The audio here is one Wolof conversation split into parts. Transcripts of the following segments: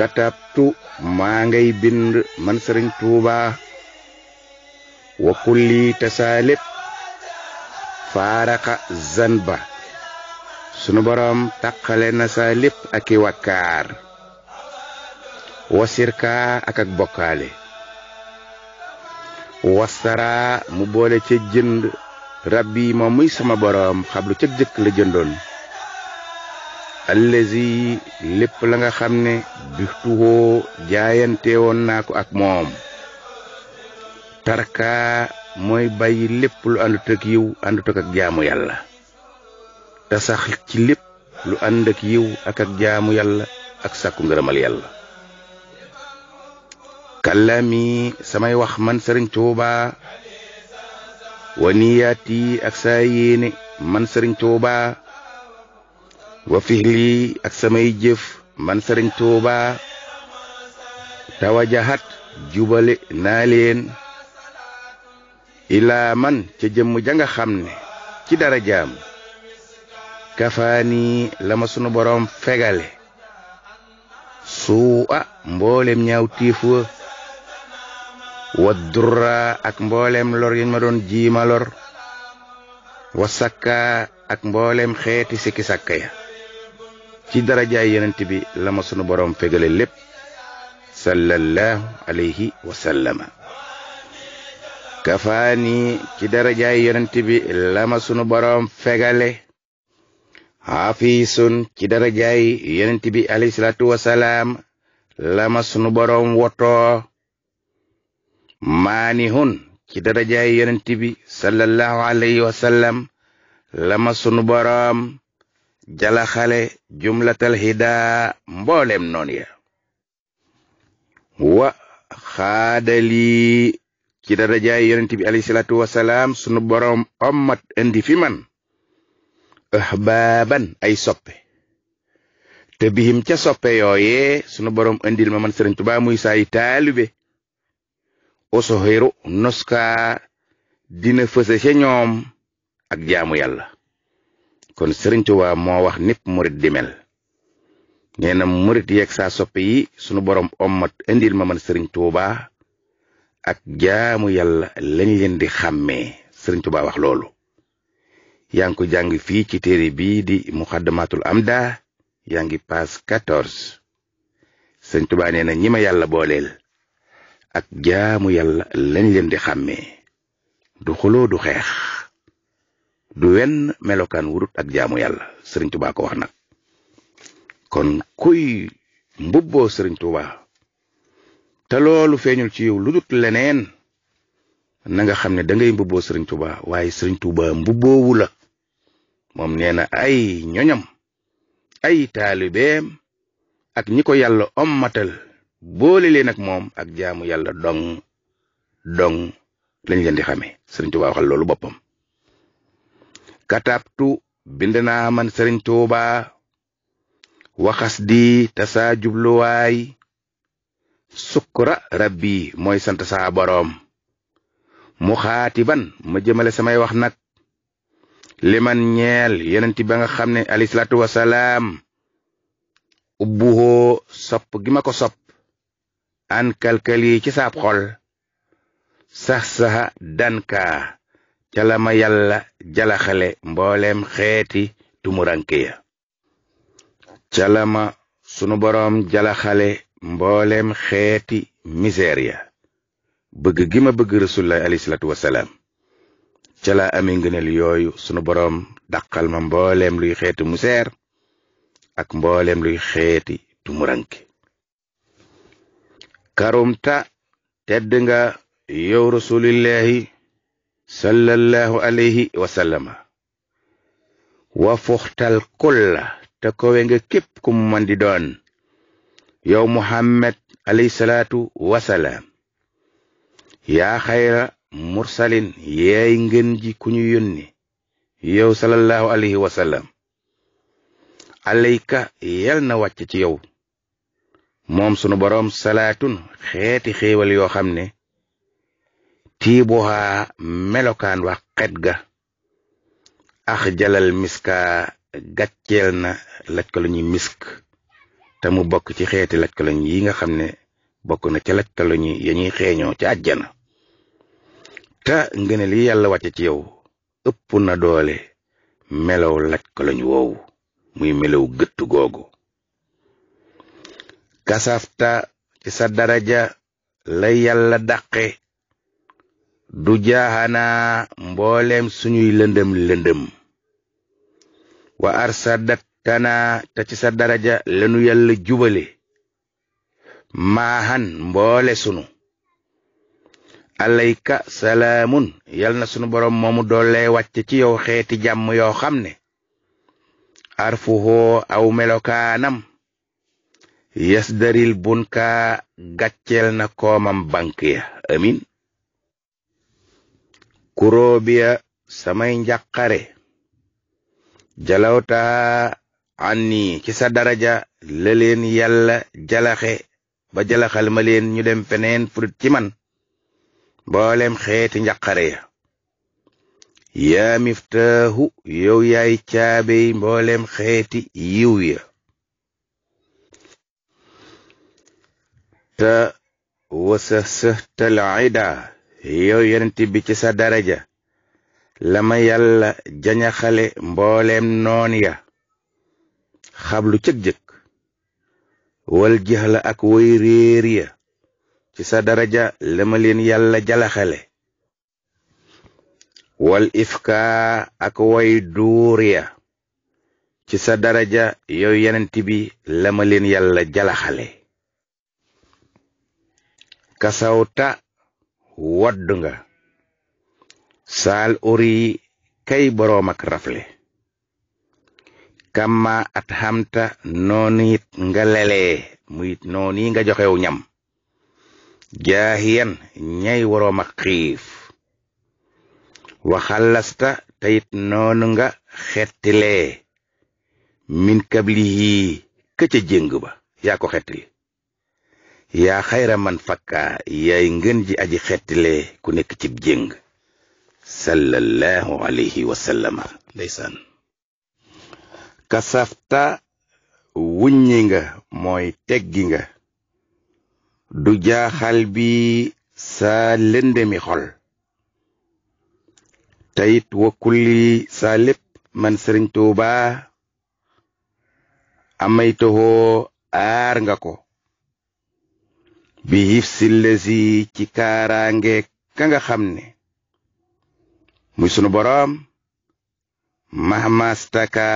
katabtu maa ngay bind man sëriñ tuuba wa kulli te saa lépp faaraxa zanba sunu boroom taqale na saa lépp ak i wakkaar wa sirkaa ak ak bokkaale wasaraa mu boole ci jënd rabbi moom muy sama boroom xablu ca jëkk la jëndoon allazi lépp la nga xam ne bixtuwoo jaayante woon naa ko ak moom tarka mooy bàyyi lépp lu àndut ak yiw àndut ak jaamu yàlla te sax ci lépp lu ànd ak yiw ak ak jaamu yàlla ak sàkku ngërëmal yàlla kàllaami samay wax man sëriñ Tuubaa wa niyaati ak saa yéene man sëriñ Tuubaa wa fixlii ak samay jëf man sëriñ Tuuba tawajahat jubale naa leen man ca jëmm janga xam ne ci dara jaam kafaani la ma sunu boroom fegale suu mboolem ñaaw tiif wa durra ak mboolem lor yañ ma doon jiima lor wa sakka ak mboolem xeeti sikki sakka ya ci darajaay yonent bi la sunu boroom fegale lépp sallallahu alayhi wa sallama kafaani ci darajaay yonent bi boroom fegale xaafiisun ci darajaay yonent bi alayhi salaatu wasalaam sunu boroom wotoo maanihun ci darajaay yonent bi sallallahu alayhi wa sallam boroom jalaxale jumlatal hidaa mboolem noon ya wa xaadalii ci darajaay yonent bi alayhi salaatu wasalaam sunu boroom ommat indi fi man ahbaaban ay soppe te bihim ca soppe yooyee sunu boroom indil ma man Sëriñ Tuubaa muy saay taalibe osoxiru noskaa dina fëse ñoom ak jaamu yàlla kon Sëriñ Tuubaa moo wax népp murit di mel nee na murit saa soppe yi sunu boroom ommat indi ma man Sëriñ Tuubaa ak jaamu yàlla lañ leen di xàmmee Sëriñ Tuubaa wax loolu yaa jàng fii ci téere bii di am daa yaa ngi paas 14 Sëriñ Tuubaa nee na ñi ma yàlla booleel ak jaamu yàlla lañ leen di xàmmee du xuloo du xeex du wenn melokaan wurut ak jaamu yàlla sëriñ Tuubaa ko wax nag kon kuy mbubboo sëriñ Tuubaa te loolu feeñul ci yow leneen na nga xam ne da ngay mbubboo sëriñ Tuubaa waaye sëriñ Tuubaa mbubboowu la moom nee na ay ñoñam ay taalibeem ak ñi ko yàlla ommatal boole leen ak moom ak jaamu yàlla dong dong lañ leen di xamee sëriñ Tuubaa waxal loolu boppam katabtu bind naa man sëriñ tuuba waxas di te saa jubluwaay sukkura rabbi mooy sant saa boroom mu xaati ban ma jëmale samay wax nag liman ñeel yenent ba nga xam ne alayhi salaatu wasalaam ubbuhoo sopp gi ma ko sopp an kalkali ci saab xol sax saxa dankaa ca la yàlla jalaxale mbooleem xeeti tumuranke ya ca sunu boroom jalaxale mboolem xeeti misère ya bëgg gi bëgg rasulullah alayhi salaatu wasalaam ca la amee ngëneel yooyu sunu boroom daqal ma mbooleem luy xeeti museer ak mboolem luy xeeti tumuranke karumta tedd nga yow rasulillahi sallallahu alayhi wa sallama kulla te kowe nga képp ku mu man di doon yow muhammad alayhi salaatu wasalaam yaa xayra mursalin yaay ngën ji ku ñu yónni yow sallallahu alayhi wa alayka yal na wàcc ci yow moom sunu boroom salaatun xeeti xéewal yoo xam ne tiibuhaa melokaan wax xet ga ax jalal miska gàcceel na laj misk te mu bokk ci xeeti laj ko yi nga xam ne bokk na ca laj ko ñuy xeeñoo ca àjjana te ngëne li yàlla wàcce ci yow ëpp na doole melow laj woowu muy melow gëtt googu kasafta ci sa daraja la yàlla dàqe du jaaxanaa mbooleem suñuy lëndëm lëndëm wa arsadat tanaa te ci sa daraja lanu yàlla jubale maaxan mboole sunu alayka salaamun yal na sunu borom moomu doole wàcc ci yow xeeti jàmm yoo xam ne arfuhoo aw melokaanam yasdaril bunka gàcceel na koomam bank ya amin kuróobiya samay njàqare jalawta anni ci sa daraja la leen yàlla jalaxe ba jalaxal ma ñu dem feneen furut ci man mboolem xeeti njaqare ya yaa miftaahu yow yaay caabey mboolem xeeti yiw ya te wasa yow yonent bi ci sa daraja la ma yàlla jañaxale mboolem noon ya xablu cëg-jëg wal jixla ak woy ya ci sa daraja la ma leen yàlla jalaxale wal ifka ak woy duur ya ci sa daraja yow yonent bi la ma leen yàlla jalaxale kasawta wodd nga saal uri kay boroom ak rafle kama at xamta noonu it nga lelee muy noonu nga joxew ñam jaahiyan ñay waroom ak xiif waxalasta teyit noonu nga xettilee min kabli yii jéng ba yaa ko xettili yaa xayra man fakkaa yaay ngën ji aj xettile ku nekk cib jéng sallallahu alayhi wa sallama ndeysaan wuññi nga mooy teggi nga du jaaxal bi sa lëndemi xol tayit wakkulli sa lépp man sëriñ tuuba amaytahoo aar nga ko bi hifsi lesi ci kaaraange ka nga xam ne muy sunu boroom mahmastaka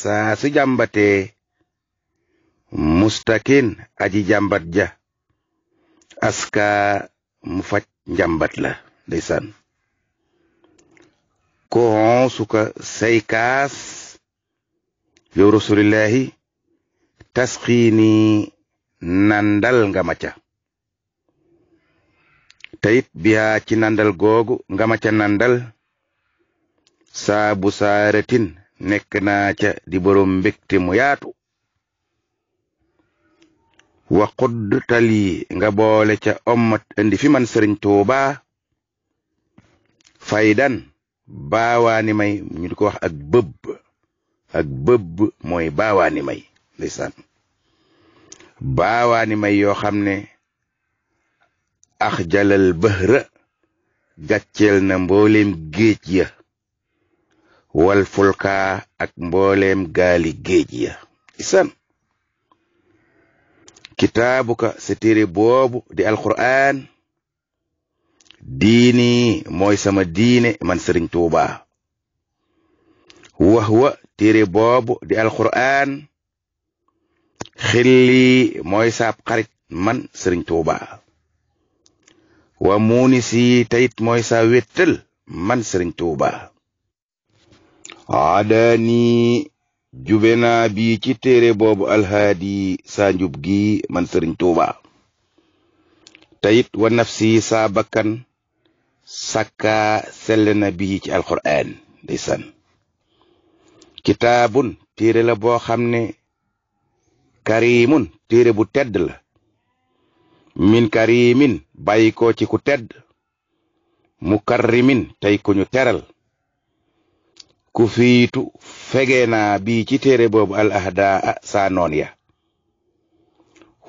saa su jàmbatee mustakin aji jàmbat ja aska mu faj njàmbat la ndeysaan ko hon suka say kaas yow rasulillahi tasxiini nandal nga ma ca te it ci nandal googu ngama ca nandal saabu bu saaratin nekk naa ca di boroom mbégte mu yaatu wa tali nga boole ca ommat indi fi man sëriñ tuubaa faydan baawaani may ñu di ak bëbb ak bëbb mooy baawaani may baawaani may yoo xam ne ax jalal bahra gàcceel na mboolem géej ya wal fulka ak mbooleem gaali géej ya isan kitaabuka sa téere boobu di alquran diini mooy sama diine man sëriñ tuuba wax wa téere boobu di alquran xilli mooy saab xarit man sëriñ tuuba wa si teyit mooy sa wéttal man sëriñ tuuba aadaani jube na bi ci téere boobu alhaadi saa njub gi man sëriñ tuuba teyit wa nafsi saa bakkan sàkka sell na bi ci alxuraan ndeysaan kitaabun téere la boo xam ne karimun téere bu tedd la min karimin bàyyi ko ci ku tedd mukarrimin tey ku ñu teral ku fiitu fege naa bii ci téere boobu al ahdaa saa noon ya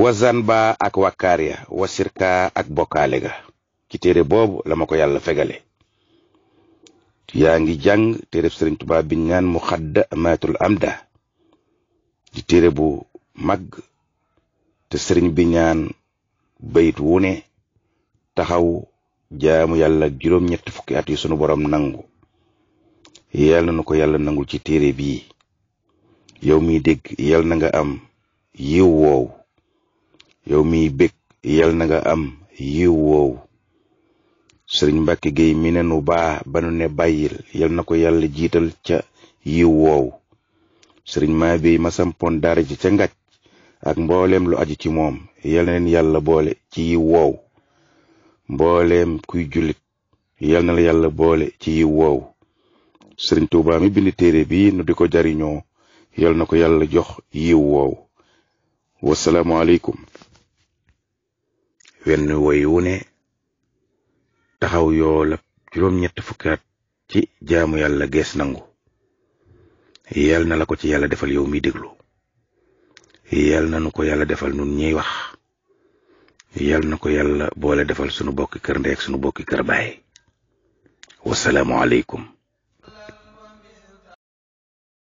wasan ba ak wakkaar ya wasirka ak bokkaale ga ci téere boobu la ma ko yàlla fegale yaa ngi jàng téere Sëriñ Tuubaa bi ñaan Muxaddamatul Amda di téere bu mag te sëriñ bi ñaan bayit wu ne taxaw jaamu yàlla juróom ñetti fukki at yi sunu borom nangu yàlla na ko yàlla nangul ci téere bi yow mi dégg yàlla na nga am yiw wow yow mi bég yàlla na nga am yiw wow sëriñ Mbàkke Géy mine ne nu baa ba nu ne bàyyil yàlla na ko yàlla jiital ca yiw wow sëriñ maa bi ma sampoon daara ji ca ngàcc ak mbooleem lu aji ci moom yal na leen yàlla boole ci yiw woow mbooleem kuy jullit yal na la yàlla boole ci yiw woow sëriñ Tuubaa mi bind téere bi nu di ko jariñoo yal na ko yàlla jox yiw woow wasalaamualeykum wenn woy wu ne taxaw yoolab juróom ñett fukkaat ci jaamu yàlla gees nangu yal na la ko ci yàlla defal yow mi déglu yal na nu ko yàlla defal nun ñuy wax yal na ko yàlla boole defal sunu bokki kër ndey ak sunu bokki kër baay wasalaamu aleykum